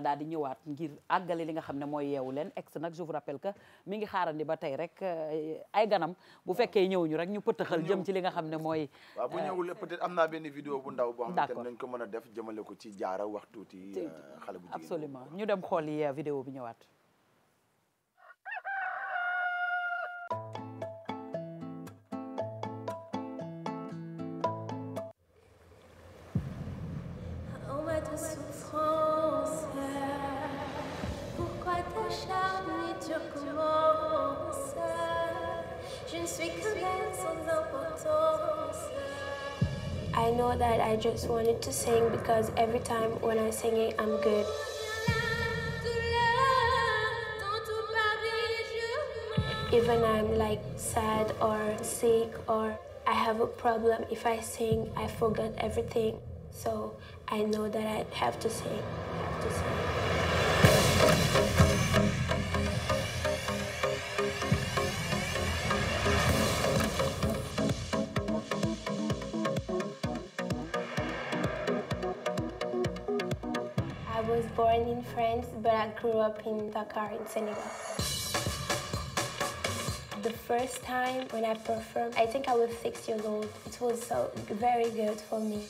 daal di ñëwaat ngir àggale li nga xam ne mooy yeewu leen ex nag je vous rappelle mi ngi xaarandi ba tey rek euh, ay ganam bu fekkee ñëwuñu rek ñu pëttaxal jëm ci li nga xam ne mooy waaw bu euh, ñëwul am naa benn vidéo bu ndaw boo xamante ne nañ ko mën a def jëmale ko ci jaara wax tuuti euh, xale bu jigéen ñu dem xool yi vidéo bi ñëwaat I know that I just wanted to sing because every time when I sing it, I'm good. Even I'm like sad or sick or I have a problem, if I sing, I forget everything. So I know that I have to sing. I have to sing. in France, but I grew up in Dakar in Senegal. The first time when I performed, I think I was six years old. It was so very good for me.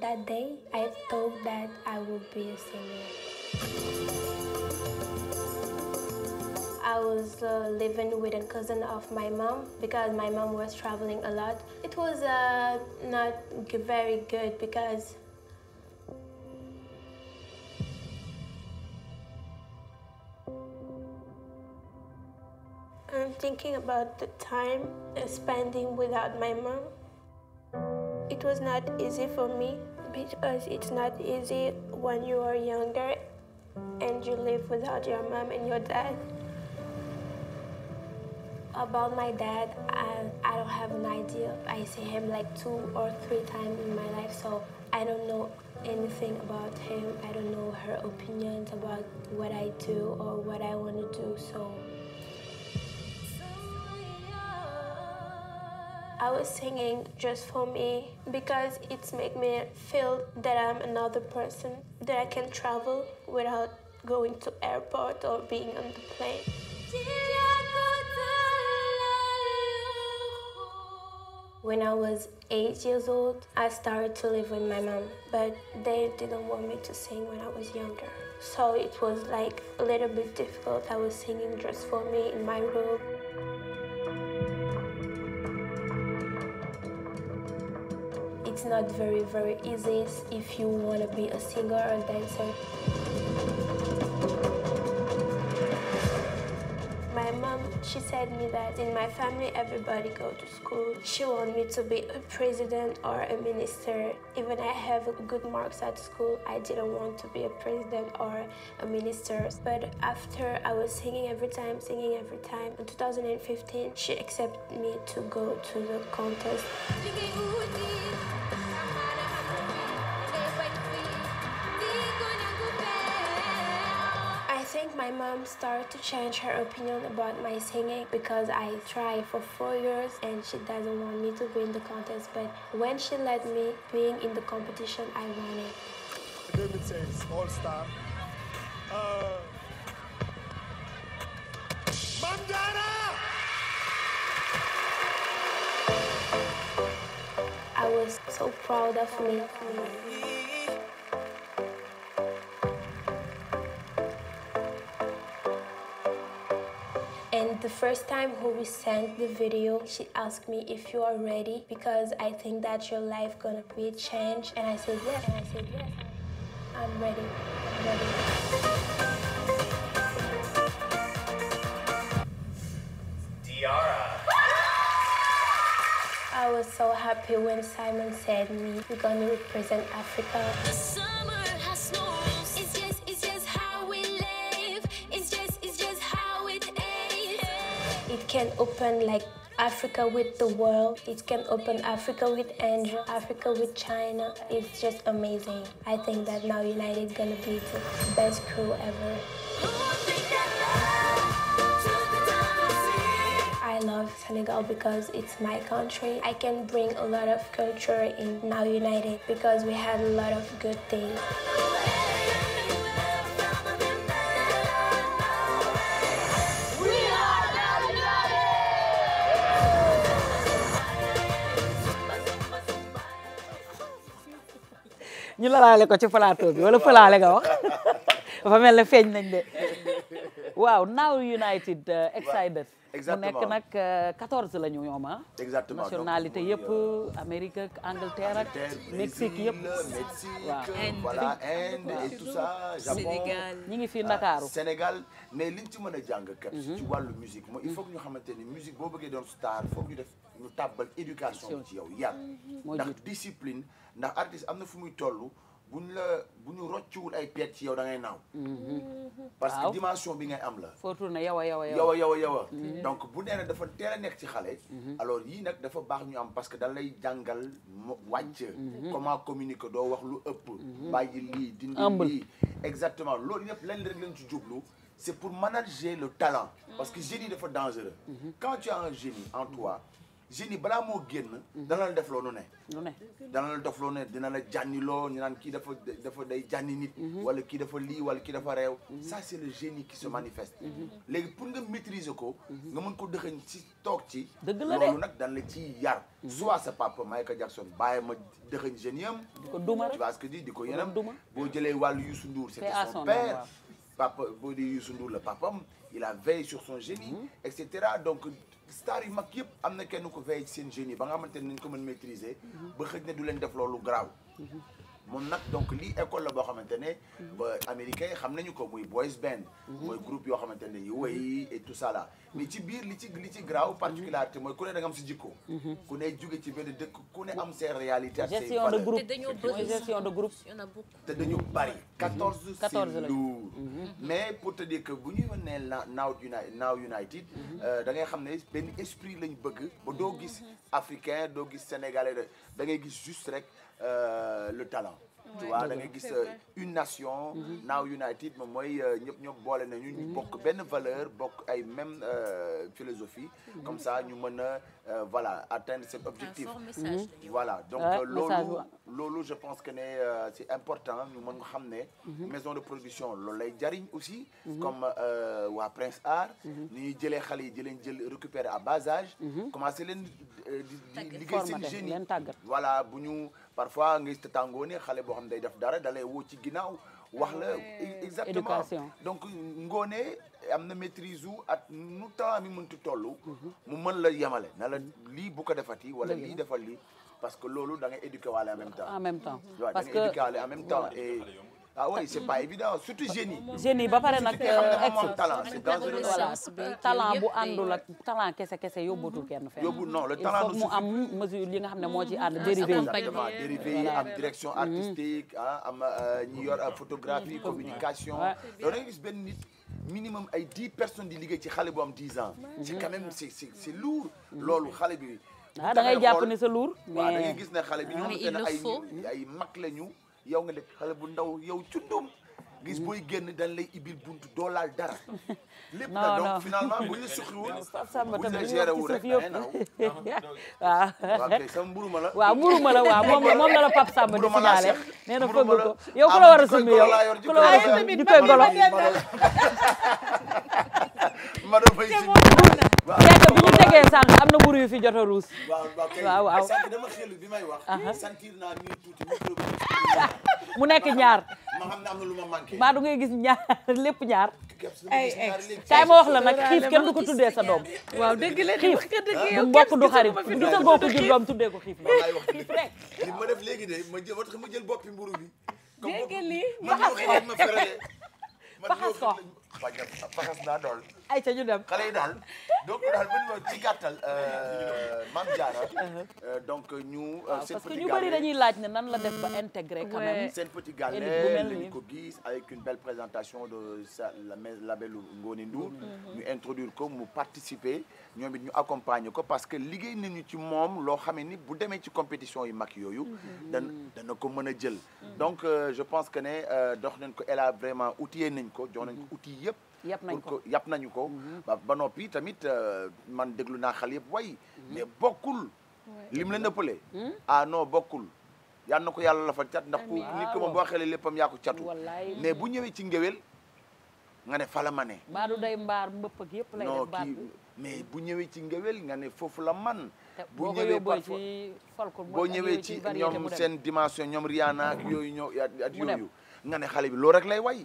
That day, I thought that I would be a singer. I was uh, living with a cousin of my mom because my mom was traveling a lot. It was uh, not very good because I'm thinking about the time spending without my mom. It was not easy for me because it's not easy when you are younger and you live without your mom and your dad. About my dad, I, I don't have an idea. I see him like two or three times in my life, so I don't know anything about him. I don't know her opinions about what I do or what I want to do, so I was singing just for me because it's made me feel that I'm another person, that I can travel without going to airport or being on the plane. When I was eight years old, I started to live with my mom, but they didn't want me to sing when I was younger. So it was like a little bit difficult. I was singing just for me in my room. it's not very very easy if you want to be a singer or dancer She said me that in my family everybody go to school. She want me to be a president or a minister. Even I have good marks at school, I didn't want to be a president or a minister. But after I was singing every time, singing every time, in 2015 she accepted me to go to the contest. my mom started to change her opinion about my singing because I tried for four years and she doesn't want me to win the contest. But when she let me being in the competition, I won it. David says All Star. Uh, Mandana! I was so proud of me. The first time Hori sent the video, she asked me if you are ready because I think that your life gonna be changed. And I said yes, and I said yes. I'm ready, I'm ready. Diara. I was so happy when Simon said me, we're gonna represent Africa. can open like Africa with the world. It can open Africa with Andrew, Africa with China. It's just amazing. I think that now United gonna be the best crew ever. I love Senegal because it's my country. I can bring a lot of culture in Now United because we had a lot of good things. ñu ko ci plateau bi wala falaale nga wax dafa mel na feeñ nañ de waaw now United uh, excited mu nekk nag 14 uh, la ñu ñoom ah. exactement nationalité yëpp euh, Amérique ak yëpp waaw. voilà Inde et tout ça. Japon ñi ngi fii ah, Ndakaaru. Sénégal mais liñ ci ma a jàng kat. Mhm. ci wàllu musique mooy il faut que ñu xamante ni musique boo bëggee doon star foog ñu def ñu tàbbal éducation ci yow yar. Mhm. ndax artiste am na fu muy toll bu la bu ñu rocciwul ay peet ci yow da naaw. Mm-hmm. parce que dimension bi ngay am la. foo tourné yow a yow yow yow donc bu nee dafa teel nekk ci xale. Mm-hmm. alors yii nag dafa baax ñu am parce que da lay jàngal wàcc. Mm-hmm. comment communiquer doo wax lu ëpp. bàyyi lii dindi lii. exactement loolu yëpp lenn rek lañ ci jublu. c'est pour manager le talent. parce que génie dafa dangereux. quand tu as un génie en toi. jeunes yi balaa moo génn. dana la def loo nu ne. nu ne dana la def loo ne dina la jànniloo ñu naan kii dafa dafa day jànni nit. Mhm. wala kii dafa lii wala kii dafa réew. Mhm. ça c' est le génie qui se mhm. manifeste. léegi pour nga maîtriser ko. nga mën ko dëxëñ ci toog ci. dëgg la loolu nag dana la ci yar. soit sa papa Michael Jackson bàyyi ma dëxëñ génie am. di ko duma tu vois ce que di di ko yenam boo jëlee wàllu Youssou Ndour c' était son père. papa boo di Youssou Ndour la papam il a veillé sur son génie mhm. et cetera donc star yu mag yëpp am na kenn ko veillé ci seen génie ba nga xamante ne nañ ko mën maîtriser mhm. ba xëj na du leen def loolu garaaw mhm. moom nag donc li école la boo xamante ne. Mhm. ba américain xam nañu ko muy boys band. Mhm. mooy groupe yoo xamante ne yu woy et tout ça mais ci biir li ci li ci graaw mhm. particularité mooy ku ne da nga am si jikko. ku ne jóge ci benn dëkk ku ne am ses réalités ak ses valeurs. gestion de groupe te dañu bari. 14 c'est lourd. mais pour te dire que bu ñuy wane ne Now United Now United. Euh, da ngay xam ne benn esprit lañ bëgg ba doo gis africain doo gis sénégalais dangay gis just rek. Euh, le talent. tu vois da nga gis euh, une nation. Mhm. now united moom mooy euh, ñëpp ñoo boole nañu. ñu mhm. bokk benn valeur bokk ay même philosophie. Mhm. comme ça ñu mën a voilà atteindre cet objectif. voilà donc loolu loolu je pense que ne c'est important ñu mën nga xam ne. maison de production loolu lay jariñ aussi. comme waa Prince Art. ni ñuy jëlee xale yi jël récupérer à bas âge. commencé leen di liggéey seen génie voilà bu ñu. parfois nga gis tàngoone xale boo xam ne day def dara dalay woo ci ginnaaw wax la exactement donc ngoone am na maîtrise u at nu temps mi mënti toll mu mën la yemale na lii bu ko defati wala lii defal lii parce que loolu da ngay éduquer waale en même temps en même temps parce que éduquer waale en même temps ah oui c'est pas évident surtout jeunes yi. yi ba pare nag. Euh, talent bu àndul ak talent kese kese yóbbutul mhm. kenn fenn. yóbbu non le talent il mu am mesure li nga xam ne moo ci mhm. ànd ah, dérivé yi. am direction mhm. artistique ah am euh, ñi yor euh, photographie communication. loolu da nga gis benn nit. minimum ay dix personnes di liggéey ci xale bu am dix ans. c'est quand même c'est c'est loolu xale bi. Ah, da ngay jàpp ne sa lourd. mais gis ne xale bi ah, ñoom ay ay mag lañu. yow nga nekk xale bu ndaw yow cundum gis booy génn dañ lay ibil buntu doo laal dara. lépp na donc finalement bu bu ñu géré wu rek da ngay naaw. waaw kay sama mburu ma la. waaw mburu ma la waaw yow ku la war a ah, yow ku la war a summi di koy golo. fekk bi ñu tegee sànq am na mburu yu fi jot a ruus. waaw waaw sànq dama xelu bi may wax. sentir naa nii tuuti mu nekk ñaar. ma xam na lu ma manqué. mbaa du ngay gis ñaar lépp ñaar. ay ay kaay ma wax la nag xiif kenn du ko tuddee sa doom. waaw dëgg la xiif du mbokk du xarit du sa mbokk jur doom tuddee ko xiif la. xiif rek li léegi de ma jël ma jël boppi mburu bi. dégg nga lii ma xam ne ma faxas ko fajal faxas naa dool. ay ca ñu daal donc daal bu ñu ci gàttal. Euh, uh-huh. euh, donc ñu. Euh, seen petit parce que laaj ne nan la def ba mm. intégré. quand même seen ko gis avec une belle présentation de sa la labelu Ngoni Ndour. Mm-hmm. ñu introduire ko participer ñoom it ñu accompagner ko parce que liggéey nañu ci moom loo xamee ni bu demee ci compétition yi mag yooyu. Mm-hmm. dana dana ko mën a jël. Mm-hmm. donc je pense que ne dox nañ ko elle a vraiment outillé nañ ko jox nañ ko outillé. yi yëpp yàpp nañ ko yàpp nañu ko mhm. ba noppi tamit euh, man déglu naa xal yëpp way mhm. mais bokkul lim la nëppale hmm? ah non bokkul yal na ko yàlla la fa cat ndax ku nit ko ah, moom boo xelee léppam yaa catu mais bu ñëwee ci ngéwél nga ne fa la ma ne baa du day mbaar yëpp lay def mais bu ñëwee ci ngéwél nga ne foofu la man bu ñëwee parfois boo ñëwee ci ñoom seen dimension ñoom Rihanna ak yooyu ñoo nga ne xale bi loolu rek lay way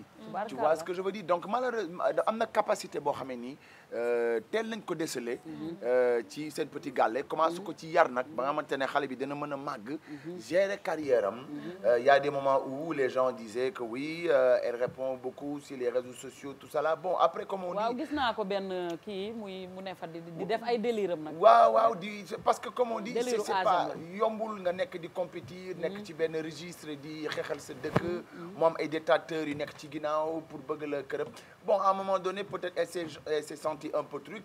tu vois ce que je veux dire donc malheureusement am na capacité boo xamee nii Euh, tel nañ ko déceler euh, ci seen petit gàlle commencé ko ci yar nag ba nga xamante ne xale bi dana mën a màgg gérer carrière am euh, ya a des moments où les gens disaient que oui elle répond beaucoup sur les réseaux sociaux tout ça bon après comme on dit gis naa ko benn kii muy mu ne fa di def ay délire am nag waaw waaw di parce que comme on dit c'est pas yombul nga nekk di compétir nekk mm-hmm. ci benn régistre di xeexal sa dëkk mm-hmm. moom ay détracteurs yu nekk ci ginnaaw pour bëgg la kërëb bon a un moment donné senti un peu truc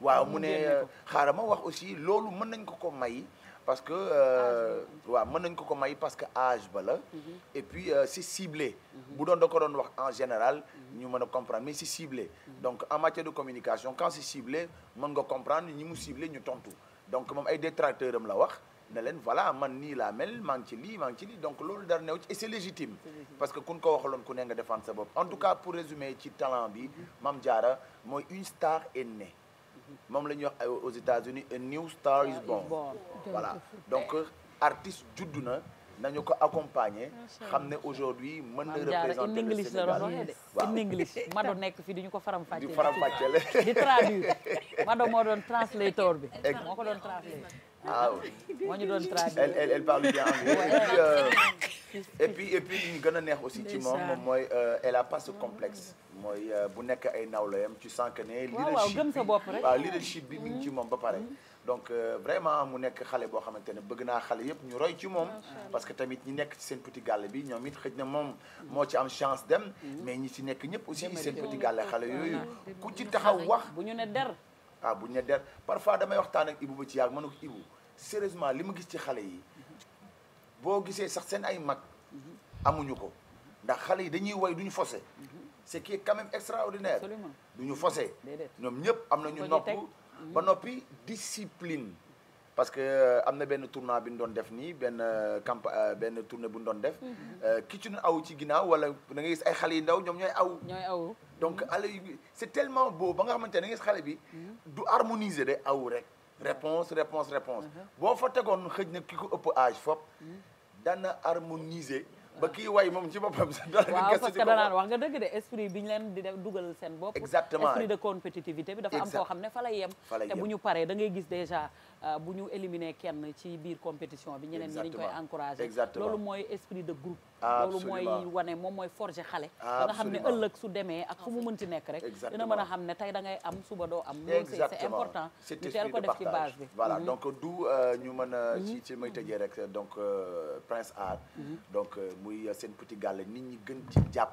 waaw mu ne xaaral ma wax aussi loolu mën nañ ko ko may parce que euh, waaw mën nañ ko ko may parce que âge ba la mhm. et puis euh, c'est ciblé mhm. bu doon da ko doon wax en général mhm. ñu mën a comprendre mais c'est ciblé donc en matière de communication quand c'est ciblé mën nga comprendre ñi mu ciblé ñu tontu donc moom ay détracteur am la wax ne leen voilà man nii laa mel maa ngi ci lii maa ngi ci lii donc loolu dar new ci et c'est légitime parce que kun ko waxaloon ku ne nga défendre sa bopp en tout cas pour résumer ci talent bi mhm. Mame Diarra mooy une star est née mhm. moom la ñuy wax euh, aux États-Unis a new star is born voilà donc artiste juddu na nañu ko accompagner xam ne aujourd'hui mën na représenter le Sénégal waaw in English Mado nekk fii di ñu ko faram fàcceel di faram fàcceel di traduire Mado moo doon translator bi moo ko doon translate ah oui moo ñu doon traduire elle elle elle parle bien anglais et puis euh, et puis li ñu gën a neex aussi ci moom moom mooy euh, elle a pas ce complexe. mooy euh, bu nekk ay nawleem tu sens que ne. waaw waaw gëm sa bopp rek waaw leadership bi mi ngi ci moom ba pare. Mm-hmm. donc vraiment mu nekk xale boo xamante ne bëgg naa xale yëpp ñu roy ci moom. parce que tamit ñi nekk ci seen petit gàll bi ñoom it xëj na moom moo ci am chance dem. Mm-hmm. mais ñi ci nekk ñëpp aussi seen petit gàll xale yooyu ku ci taxaw wax bu ñu ne der. ah buñ ne der parfois damay waxtaan ak Ibou ba ci yàgg ma ne ko Ibou sérieusement li ma gis ci xale yi boo gisee sax seen ay mag amuñu ko ndax xale yi dañuy woy duñu fose ce qui est quand même extraordinaire duñu fose ñoom ñëpp am nañu nopp ba noppi discipline parce que euh, am na benn tournoi bi ñu doon def nii benn euh, camp euh, benn tournée bu ñu doon def mhm. ki ci doon aw ci ginnaaw wala da ngay gis ay xale yi ndaw ñoom ñooy aw ñooy aw donc allé yi c'est tellement boo ba nga xamante ne gis xale bi hmm. du harmoniser de aw rek réponse réponse réponse uh-huh. boo fa tegoon xëj na ki ko ëpp âge fop hmm. dana harmoniser ba ah. kii way moom ci boppam sax waaw parce que danaan wax nga dëgg de esprit bi ñu leen di dugal seen bopp exactement esprit de compétitivité bi dafa am xam ne fa lay yem te bu ñu paree da gis déjà euh, bu ñu éliminer kenn ci biir compétition bi ñeneen ñi dañ koy encourager loolu mooy esprit de groupe loolu mooy wane moom mooy forger xale ba xam ne ëllëg su demee ak fu mu mënti nekk rek dina mën a xam ne tey da ngay am suba doo am loolu c'est important ñu teel def ci base bi mhm. du euh, ñu mën a mhm. ci ci may tëjee rek donc euh, Prince Art mhm. donc euh, muy seen petit gàll nit ñi gën ci jàpp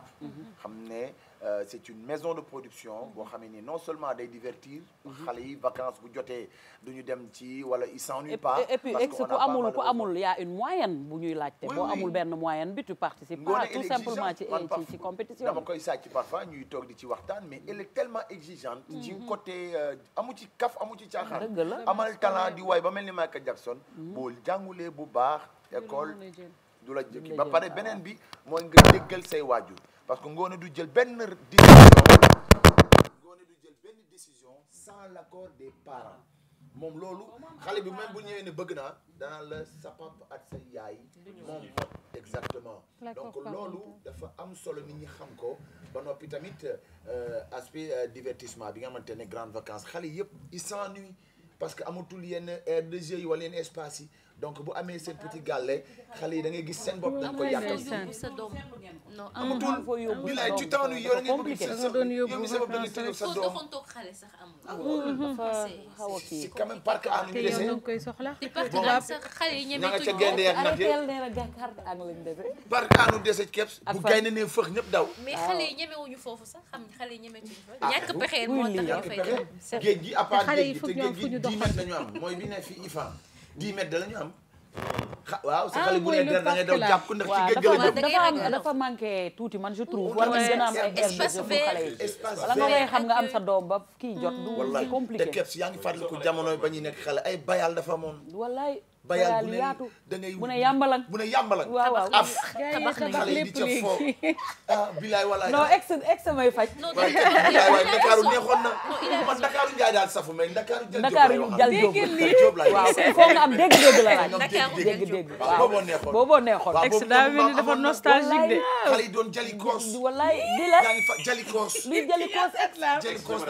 xam ne Euh, c'est une maison de production mhm. boo xam ne non seulement day divertir mhm. xale yi vacances bu jotee duñu dem ci wala ils s'ennuient pas et puis ku amul ku amul y a une moyenne bu ñuy laajte boo amul benn moyen bi tu participes pas tout simplement ci ci compétition dama koy sàcc parfois ñuy toog di ci waxtaan mais elle est tellement exigeante mhm. ci côté euh, amu ci kaf amu ci caaxaan amal talent di waay ba mel ni Michael Jackson boo jàngulee bu baax école du la jëkki ba pare beneen bi mooy nga déggal say waajur parce que ngoone du jël benn décision ngoone jël benn décision sans l'accord des parents moom loolu xale bi même bu ñëwee ne bëgg naa danaa la sa papa ak sa yaay moom exactement donc loolu dafa am solo nit ñi xam ko ba noppi tamit euh, aspect euh, divertissement bi nga xamante ne grande vacances xale yëpp ils s'ennuient parce que amatul yenn aire de jeu yi wala yenn espace yi donc bu amee seen petit gàlle xale yi da ngay gis seen bopp da nga koy yàqal non amatul bilaay ci temps yu yor nga sa bopp da nga mm-hmm. koy soxla na nga ca gaynde ak nag yëpp parc à nu dese képp ah, bu gaynde ne fëx ñëpp daw xale yi ñemewuñu foofu sax xam xale yi ñemewuñu fa ah, ñàkk pexe moo tax ñu fay géej gi à part géej gi te géej gi dix mètres am mooy bi ne fii IFAN 10 mètres am. waaw sa ah, xale bu ne da ngay daw jàpp ndax ci géej gi la dafa dafa manqué tuuti man je trouve. war nañu gën a am ay air de suñu xale yi. xam nga am ba kii jot. du compliqué wallaay te yaa ngi fàttaliku jamono ba ñuy nekk xale ay bayal dafa amoon. bayal bu ne da ngay mu ne yàmbalan mu ne yàmbalan af xale yi di ca foo ah may faj waay bilaay waay Ndakaaru na man Ndakaaru njaay daal safu may Ndakaaru jël jóob la waaw il faut nga am dégg dégg la laaj dégg dégg waaw booboo neexoon de xale yi doon jali koos wallaay di la jali koos luy jali koos ex la jali koos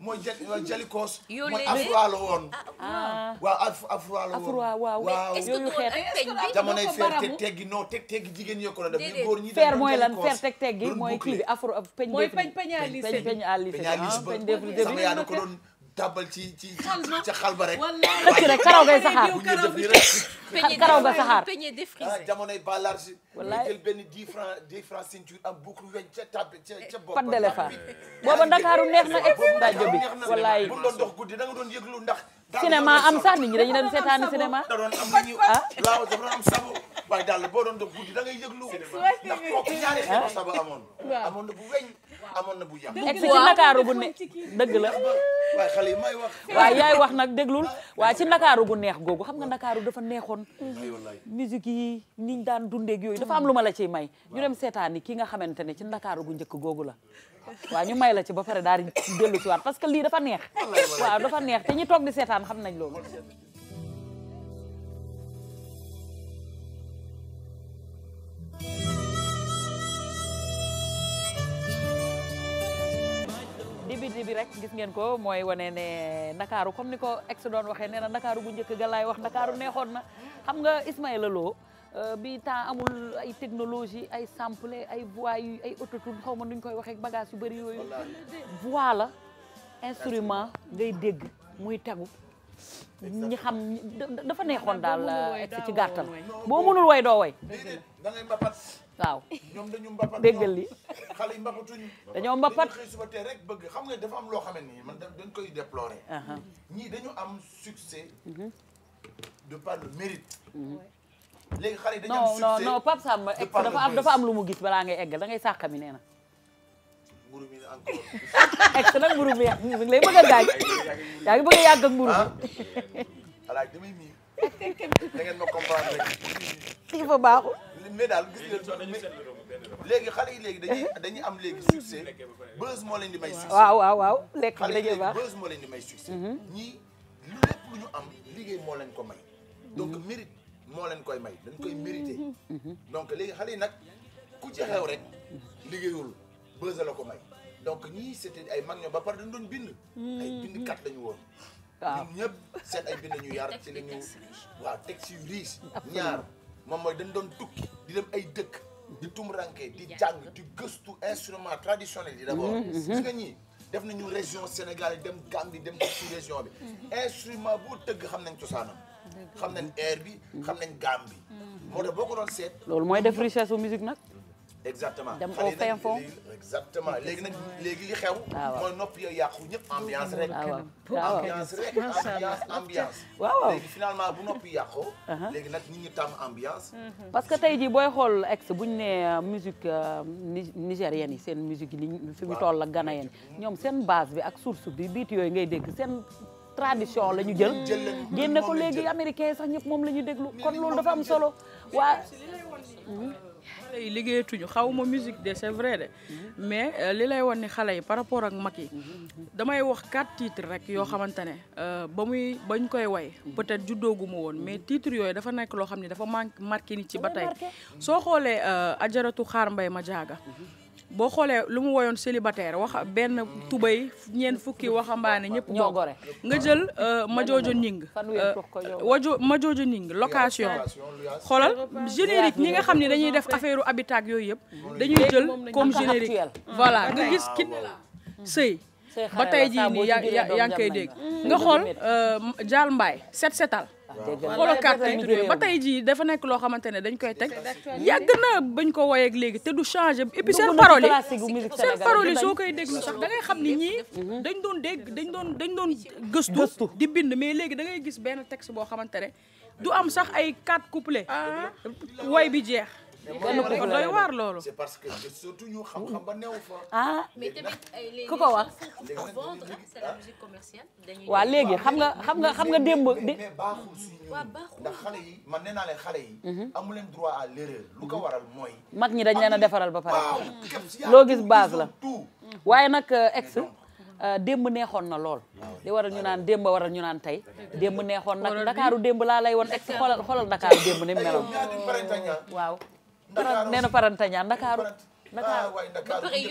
mooy jalikoos. mooy afro la woon. Ah, ah. Ah. waaw woon. waaw waaw yooyu xeet. jamonoy fer teg teggi non teg teggi jigéen ñi ko la def. ñu góor ñi fer mooy lan fer teg teggi mooy kii bi afro peñ. mooy peñ peñ à lissé peñ peñ à lissé peñ peñ sama ko doon tàbbal ci ci ci xal ba rek. wallaahi rek karaw ngay saxaar. karaw nga saxaar peñe défrisé ah, jamonoy ba large wallaay jël benn 10 francs 10 francs ceinture am boucle weñ ca tab ca ca bopp paddale fa booba ndakaaru neex na ex ndaje bi wallaay bu doon dox da doon yëglu ndax cinéma am sax nit ñi dañu doon seetaani cinéma da doon am ñu ah laaw dafa doon am sabo waaye daal boo doon dox guddi da ngay yëglu ndax kooku ñaari xeetu sabo amoon na bu weñ amoon na bu yàq ex ci ndakaaru bu ne dëgg la waaye xale yi may wax waaye yaay wax bu neex googu xam nga ndakaaru dafa neexoon woon musique yi niñ daan dundeeg yooyu dafa am lu ma la ciy may ñu dem seetaani ki nga xamante ne ci ndakaaru gu njëkk googu la waa ñu may la ci ba pare daal di dellu ci waat parce que lii dafa neex waaw dafa neex te ñi toog di seetaan xam nañ loolu biti bi rek gis ngeen ko mooy wane ne ndakaaru comme ni ko ex doon waxee nee na ndakaaru bu njëkk galaay wax ndakaaru neexoon na xam nga Ismaïla Lo euh, bi temps amul ay technologie ay sample ay voix yu ay autotune xaw ma nuñ koy waxee bagage yu bëri yooyu voix la instrument ngay dégg muy tegu ñi xam dafa neexoon daal euh, ci gàttal boo mënul way doo way waaw ñoom dañu mbapat déggal li xale yi mbapatuñu dañoo mbapat xëy suba tee rek bëgg xam nga dafa am loo xamante ni man dañ koy déplorer uh-huh. ñii dañu am succès mm-hmm. de par le mérite mm-hmm. léegi xale yi dañu am succès non non non Pape dafa am dafa am lu mu gis balaa ngay eggal da ngay sàqami nee na mburu mi encore ex nag mburu mi mi bëgg a gaañ yaa ngi bëgg a yàgg ak mburu ah. ma comprendre fa baaxul mais daal gis ngeen léegi xale yi léegi dañuy dañuy am léegi succès buzz moo leen di may succès may succès mhm. ñii lu lépp lu ñu am liggéey moo leen ko may donc mhm. mérite moo leen koy may dañ koy mérité mhm. donc léegi xale yi nag ku ci xew rek liggéeyul buzz la ko may donc ñii c'était ay mag ñoo ba pare dañ doon bind ay kat lañu woon waaw ñun ñëpp seen ay bind ñu yar ci li ñu waaw texte yu riche ñaar moom mooy dañ doon tukki di dem ay dëkk di tumuranke di jàng di gëstu instrument traditionnel yi d'abord mm-hmm, mm-hmm. gis nga ñii def nañu région Sénégal yi dem Gambie dem sous région bi mm-hmm. instrument boo tëgg xam nañ cosaanam xam nañ air bi xam nañ Gambie moo tax boo ko doon seet loolu mooy def richesse u musique nag exactement dem au fin fond exactement léegi léegi li xew. Ah, mooy nopp yooyu yàqu ñëpp ambiance rek. Ah, ah, waaw ambiance rek ambiance ambiance. bu noppi yàqoo. Uh-huh. léegi nag nit ñi tàmm ambiance. Mhm. parce que tey jii booy xool ex bu ñu nee euh, musique euh, nigérienne yi seen musique yi ni fi mu toll ak ghanéen mhm. ñoom seen base bi ak source bi biit yooyu ngay dégg seen. tradition la ñu jël génne ko léegi américain sax ñëpp moom la ñu déglu kon loolu dafa am solo waa xale yi liggéeyatuñu xaw ma musique de c'est vrai de mais euh, li lay won ni xale yi par rapport ak mag yi damay wax quatre titres rek yoo xamante ne euh, ba muy bañ koy way peut-être juddoogu woon mais titres yooyu dafa nekk loo xam ne dafa manqué marki nit ci ba tey soo xoolee euh, ajaratu xaar mbay ma jaaga boo xoolee lu mu woyoon célibataire wax benn tubay ñeent fukki waxambaane ñëpp bokk nga jël ma joojo ñing wajo ma joojo ñing location xoolal générique ñi nga xam ne dañuy def affaire habitat yooyu yëpp dañuy jël comme générique voilà nga gis ki sëy ba tey jii nii yaa yaa ngi koy dégg nga xool euh, jaal mbaay set setal Ah, xoolal carte yi ba tey jii dafa nekk loo xamante ne dañ koy teg yàgg na bañ ko woyeeg léegi te du changé et puis seen parole yi seen parole yi soo koy déglu sax da ngay xam ni ñii mhm. dañ doon dégg dañ doon dañ doon gëstu di bind mais léegi dangay gis benn texte boo xamante ne du am sax ay quatre couplets ah. woy bi jeex kenn ku ko loolu. parce que surtout ñu xam ba néew fa. ah mais tamit euh, ku ko wax. vendre léegi xam nga xam nga xam nga démb. mais baaxul si xale yi leen xale yi. Mhm. amu mag ñi dañ leen a defaral ba pare. loo gis base la. waaye nag euh, ex. Euh, démb neexoon na lool ah li waral ñu ah naan démb waral ñu naan tey démb neexoon nag ndakaaru demb laa lay woon ex xoolal ndakaaru démb ni meloon Ndakaaru nee na Parante ñaan Ndakaaru. Ndakaaru ba ah, day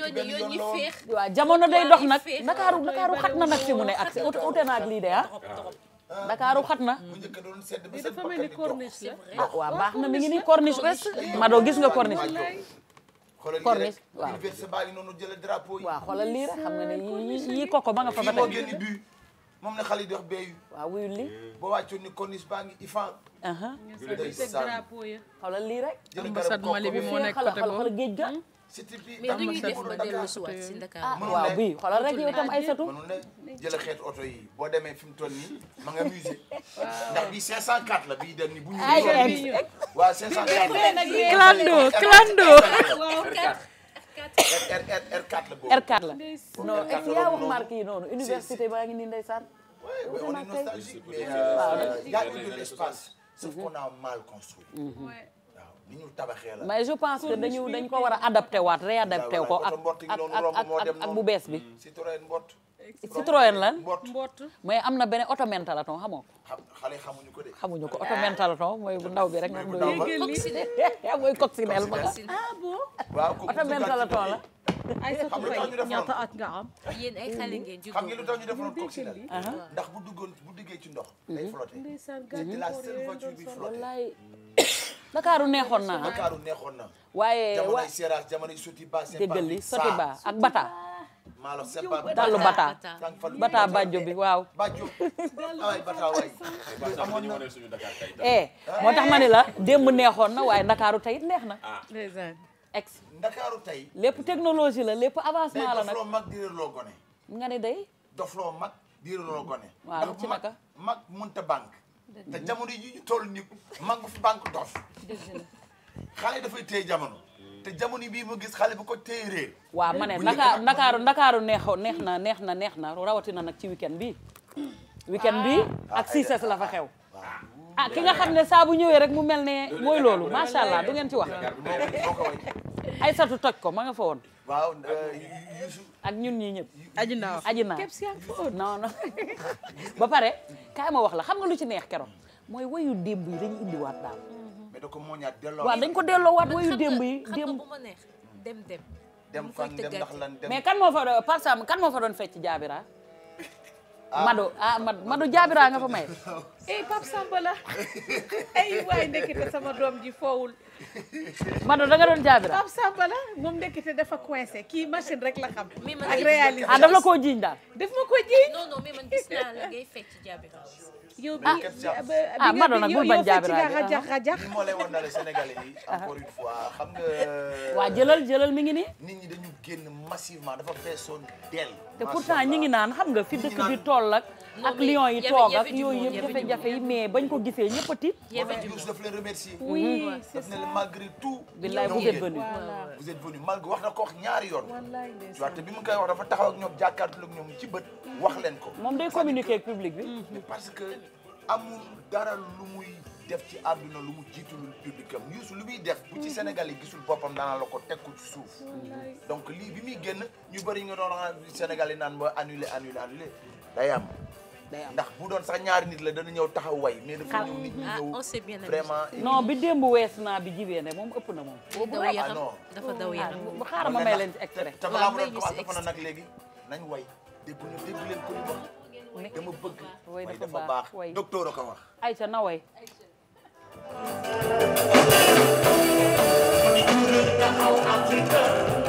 dox nag Ndakaaru Ndakaaru xat na nag fi ne ak si ute na ak lii de ah. ah Ndakaaru xat na. bu njëkk doon sedd ba seen bakkan di corniche la. ah waaw ah, baax na mi ngi nii corniche eh, nga corniche. corniche waaw université lii rek xam nga ne yii koko nga fa ba tey. moom la xale yi di wax beeyu. waaw wuyul lii. boo wàccoon ni corniche baa ngi ifan. day sànni xoolal rek. jël garab kooku bi mu nekk bi am na seen wàllu Dakar ah waaw bii rek yow tam ay satu. mënul xeet oto yi boo demee fi mu toll nii ma nga musée. ndax bii 504 la bii ni bu ñu. ay ay waaw 504. clando R4 la. R4 la non est-ce que yaa yi noonu université baa ngi nii ndeysaan. oui on est nostalgique mais a eu de l'espace. sauf qu'on a mal construit. Mm-hmm. waaw ni ñu tabaxee la. mais je pense que dañu dañ ko war a adapté waat réadapté ko ak ak ak bu bees bi. Mm. citoyen mbott. Citroën la mbott mais am na beneen oto mentalaton xamoo ko xale xamuñu ko de xamuñu ko oto mentalaton mooy bu ndaw bi rek moom doy mooy coccinelle ma nga ah bon oto mentalaton la ay sotu fay ñaata at nga am yéen ay xale ngeen xam nga lu tax ñu defoon coccinelle ndax bu duggoon bu duggee ci ndox day mhm. la seule voiture bi flotté Dakaaru neexoon na Dakaaru neexoon na waaye jamonoy Seras jamonoy Sotiba déggal li ak Bata maalo seppa dallu bata bata bàjjo bi waaw bàjjo ay bata waay eh moo tax ma ne la démb neexoon na waaye ndakaaru tey it neex na ah. ex ndakaaru tey lépp technologie la lépp avancement la nag dofloo mag diir loo gone nga ne day dofloo mag diir loo gone waaw ci naka mag munta banque te jamono yi ñu toll ni mag bu fi banque dof xale dafay téye jamono te jamono bii ma gis xale bu ko téeree. waaw ma ne Ndakaaru Ndakaaru Ndakaaru neexoo neex na neex na neex na rawatina nag ci weekend bi weekend bi ah. ak ah, Cissé la fa xew. Ah. ah ki nga xam ne saabu ñëwee rek mu mel ne mooy loolu macha allah du ngeen ci wax. ay satu toj ko ma nga fa woon. waaw euh, ak ñun ñii ñëpp. aji naa aji naa oh, ba pare kaay ma wax la xam nga lu ci neex keroog mooy wayu démb yi dañu indiwaat daal. mais da ko mooñaat delloo. waaw dañ ko delloowaat wayu démb yi démb dem dem. dem fan dem ndax lan dem mais kan moo fa doon par exemple kan moo fa doon fecc jaabira ah. Mado ah Mado jaabira nga fa may. eh Pape Samba la ay waay ndekkite sama doom ji foowul. Mado da nga doon jaabira. Pape Samba la moom ndekkite dafa coincé kii machine rek la xam. ak réalisation ah daf la koo jiiñ daal. daf ma ko jiiñ. non non mais man gis naa la ngay fecc jaabira yow bi ah Madone nag bul bañ jaabira bi yow fekk ah. ni ah. waa jëlal jëlal mi ngi nii. nit ñi dañu génn massivement dafa feesoon dell. te pourtant ñi ngi naan xam nga fi dëkk bi toll ak. ak lion yi toog ak yooyu yëpp jafe-jafe yi mais bañ ko gisee ñëpp a tiit. Youssou daf leen remercier. oui mhm. vous êtes venu vous wax na ko wax ñaari yoon. wallaay ndeysaan bi mu koy wax dafa taxaw ak ñoom jàkkaarloo ak ñoom ci wax leen ko. moom day communiquer ak public bi. parce amul dara lu muy def ci àdduna lu mu jiitulul public am Youssou lu muy def bu ci mm-hmm. Sénégal yi gisul boppam daana la ko teg ko ci suuf donc lii bi muy génn ñu bëri nga doon Sénégal yi naan ba annulé annulé annulé ndax bu doon sax ñaari nit la dana ñëw taxaw way mais dafa ñëw nit ñi ah, ñëw vraiment non bi démb wees naa bi jibee ne moom ëpp na moom ah, dafa daw yaram ah, xaaral ma may leen ci extrait te balaa mu doon commencé nag léegi nañ way dégg ñu dégg leen ko ñu dama bëgg. way dafa baax docteur a ko wax. Aïcha na way. Afrique.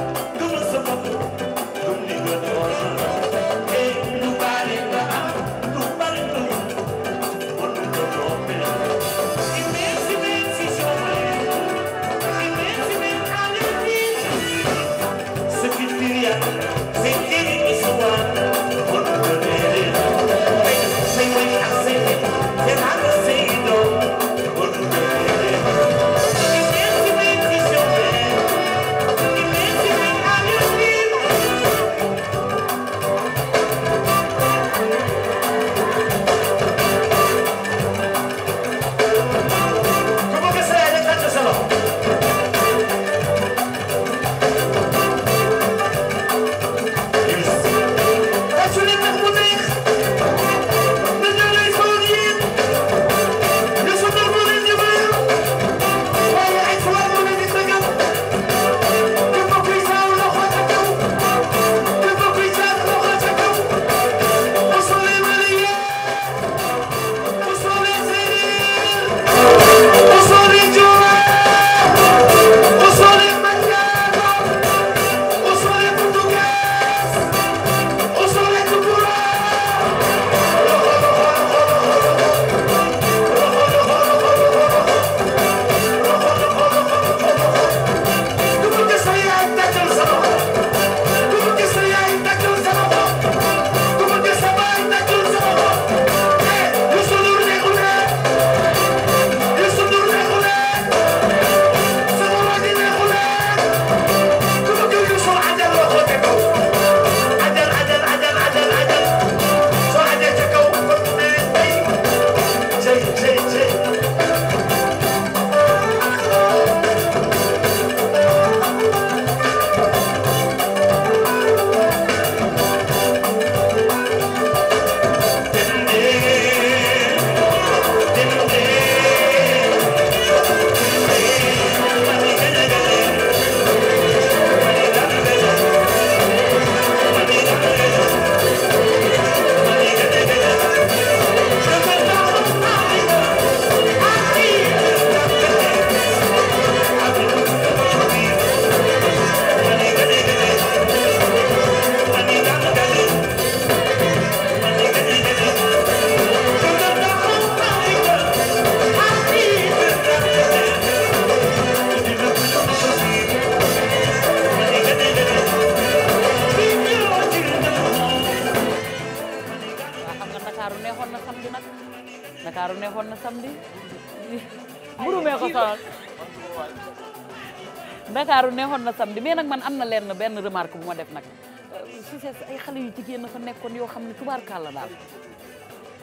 na samedi nag man am na lenn benn remarque bu ma def nag euh, Cissé ay xale yu jigéen na fa nekkoon yoo xam ne tubaarkàlla daal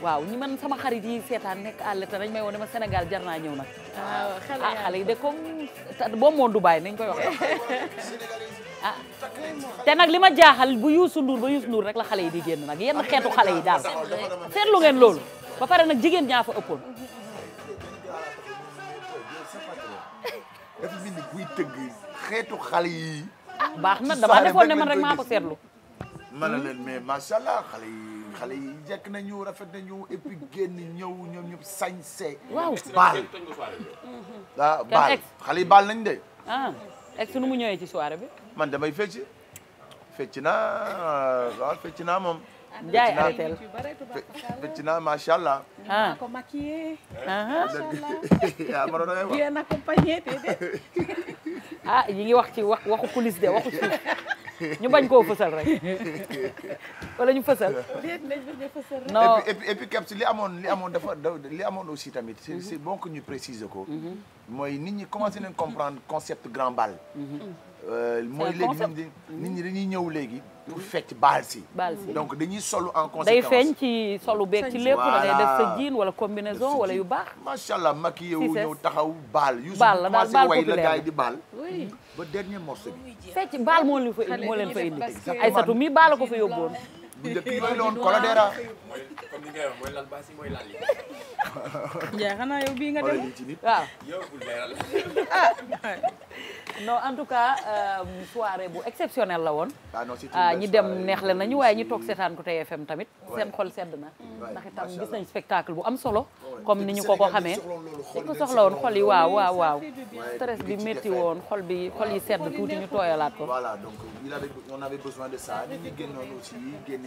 waaw ñi man sama xarit yi seetaan nekk à l'état dañ may woo ne ma Sénégal jar naa ñëw nag. ah xale ah, yi de comme boo moo Dubaay nañ koy wax. ah te nag li ma jaaxal bu Youssou Ndour ba Youssou Ndour rek la xale yi di génn nag yenn xeetu xale yi daal seetlu ngeen loolu ba pare nag jigéen ñaa fa ëppoon. dafa mel xeetu xale yi. ah baax na damaa defoon ne man rek maa ko seetlu. man ne leen mais macha allah xale yi xale yi jekk nañu rafet nañu et puis génn ñëw ñoom ñëpp sañse. waaw baal ah baal xale yi baal nañ de. ah nu mu ñëwee ci soirée bi. man damay fecc fecc na waaw fecc naa moom. Ndiaye arrêté la naa macha allah. ah ko maquillé. macha allah ñu ngi wax ci wax waxu coulisse de waxu suuf ñu bañ koo fësal rek wala ñu fësal. déet nañ bañ a fësal rek. non et puis li amoon li amoon dafa li amoon aussi tamit. Mhm. c'est bon que ñu préciser ko. Mhm. mooy nit ñi commencé nañ comprendre concept grand bal. Mhm. Euh, mooy léegi nit ñi dañuy ñëw léegi. pour fecc baal si. donc dañuy solu en conséquence. day feeñ ci solu beeg ci lépp da ngay def sa jean wala combinaison wala yu baax. macha allah maquillé wu ñëw taxaw baal. baal la daal baal populaire la gars yi di baal. ba dernier morceau bi. fecc baal moo leen fa indi. ay satu mi baal ko fay yóbboon. Eh, eh, bu njëkk yi xanaa yow bii nga dem waaw. yow en tout cas soirée bu exceptionnelle la woon. ah, ah ñi dem eh, neex le nañu waaye ñi toog seetaan ko tey FM tamit. seen xol sedd na. ndax itam gis nañ spectacle bu am solo. comme ni ñu ko ko xamee. dañ ko soxla woon xol yi waaw waaw waaw. stress bi métti woon xol bi xol yi sedd tuuti ñu tooyalaat ko. voilà donc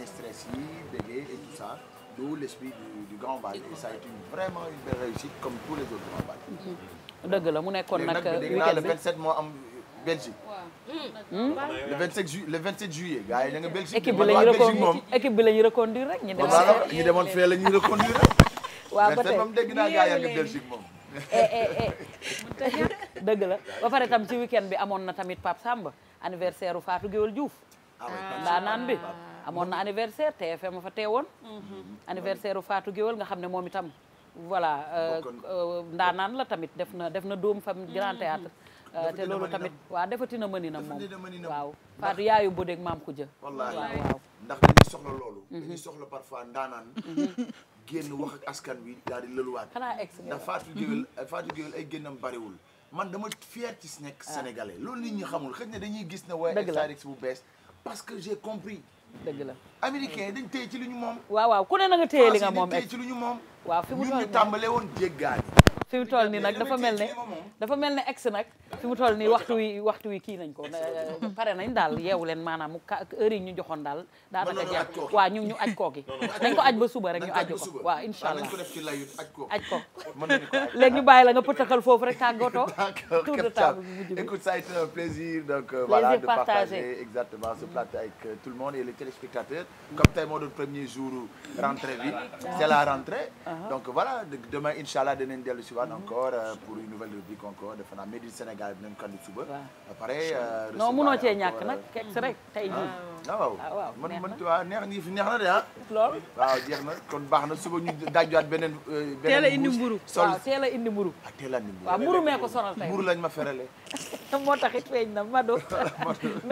les stress yi bégayer et tout ça d'où l'esprit du, du grand bal et ça a été vraiment une belle réussite comme tous les autres grands bals. Mhm. dëgg la mu nekkoon nag week-end bi le 27 moo am Belgique. Hmm. Hmm? le 27 ju le 27 juillet gars yi ña nga Belgique. équipe bi la ñu reconduire équipe bi la ñu reconduire rek. ñu demoon fee ñu demoon fee la ñuy reconduire ba tey moom dégg naa gars yaa nga Belgique moom. Eh, eh, eh, dëgg la ba pare tam ci week bi amoon na tamit Pape Samba anniversaire u Fatou Guewel Diouf. ah, ah. naan bi. amoon na anniversaire TFM fa teewoon. Mhm. anniversaire u Fatou Guewel nga xam ne moom itam. voilà euh, euh, ndaanaan la tamit def na def na dóom fam mhm. grand théâtre euh, te loolu tamit waaw defatina mëninam moom waaw Fatou yaayu bu dégg maam ku jë wallaahi waaw ndax dañuy soxla loolu mhm. dañuy soxla parfois ndaanaan génn wax ak askan wi daal di lëluwaat xanaa ex ndax Fatou Guewel Fatou Guewel ay génnam bariwul man dama fier ci nekk ah. sénégalais loolu nit ñi xamul xëy na dañuy gis ne waaye exarix bu bees parce que j'ai dëgg la américain yi dañ téye ci lu ñu moom waaw waaw ku ne na nga téye li nga moom téye ci lu ñu moom waaw fi mu ñun woon jéggaani fi mu toll nii nag dafa mel ne dafa mel ne ex nag fi mu toll nii waxtu wi waxtu wi kii nañ ko eh, pare nañ daal yeewu leen maanaam heure yi ñu joxoon daal daanaka jeex waaw ñu ñu aj kooki dañ ko aj ba suba rek ñu aju ba waaw incha allah aj ko léegi ñu bàyyi la nga pëtakal foofu rek tàggatoo tour de table écoute ça a été un plaisir donc euh, voilà de partager exactement ce plateau avec euh, tout le monde et les téléspectateurs comme tey moo doon premier jour rentrée bi ah. c'est la rentrée ah. donc voilà demain incha dellu si waat encore euh, pour une nouvelle rubrique encore defe naa Made in Sénégal bi nañu kandi suba. waaw pare. Euh, cee ñàkk nag keks rek tey jii. Ah, waaw ah, waaw man man waaw neex na fi neex na de ah. lool waaw jeex na kon baax na suba ñu daajuwaat beneen. Euh, beneen teel a indi mburu waaw teel a indi mburu. ah teel a indi mburu waaw mburu mee ko sonal tey. mburu lañ ma ferale. moo taxit feeñ na Mado.